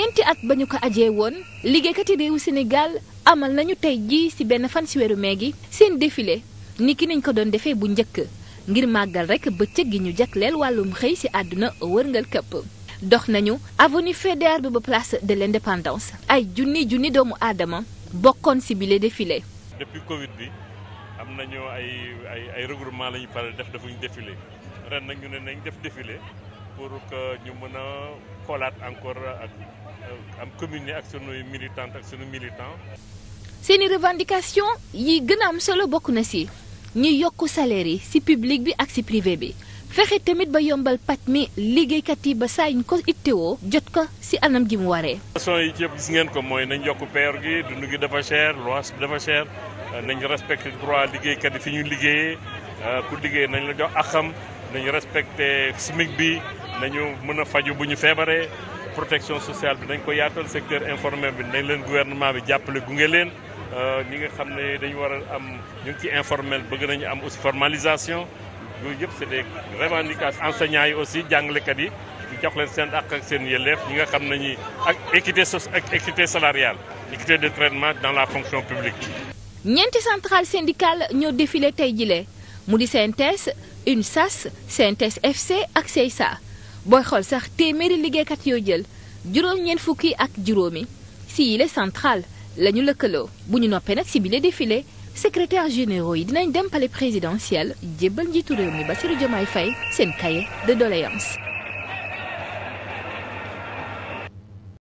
ñeenti at ba ñu ko ajee woon liggéeykat yi réewu Sénégal amal nañu tey jii ci benn fan ci weeru mee gi seen défilé ni ki nañ ko doon defee bu njëkk ngir màggal rek bëccëg gi ñu jagleel wàllum xëy ci àdduna wërngal këpp dox nañu avenue Faidherbe ba place de l'indépendance ay junni junni doomu aadama bokkoon ci bile défilé. depuis Covid bi am nañu ay ay ay regroupement la ñu pare def défilé ren nag ne nañ def défilé. pour que ñu mën xoolaat encore ak euh, am communier ak sunuy militante ak sunu militant seeni revendication yi gën am solo bokk na si ñuy yokk salaire yi si public bi ak si privé bi fexe tamit ba yombal paj mi liggéeykat yi ba saa ñu ko ittewoo jot ko si anam gi mu waree. façon yi yëpp gis ngeen ko mooy nañ yokk peer gi dund gi dafa cher loyer bi dafa cher euh, nañ respecté droit liggéeykat yi fi ñu liggéey euh, ku liggéey nañ la jox axam nañu respecté SMIC bi nañu mën a faju bu ñu feebaree protection sociale bi dañ ko yaatal secteur informel bi nañ leen gouvernement bi jàppale gunge leen euh, ñi nga xam ne dañu war a am ñu ngi ci informel bëgg nañu am aussi formalisation yooyu yëpp c'est des revendications enseignants yi aussi jàngalekat yi ñu jox leen seen àq ak seen yelleef ñi nga xam ne ñi ak équité so ak équité de traitement dans la fonction publique ñeenti centrale syndicale ñoo défilé tey UNSAS CNTS FC ak CEISA booy xool sax téeméeri liggéeykat yow jël juróom-ñeent fukki ak juróomi si yile central lañu ñu lëkkaloo bu ñu noppee nag si bile défilé secrétaire généraux yi dinañ dem palais présidentiel jébbal njiitu réew mi Bassirou Diomaye Faye seen cahier de doléances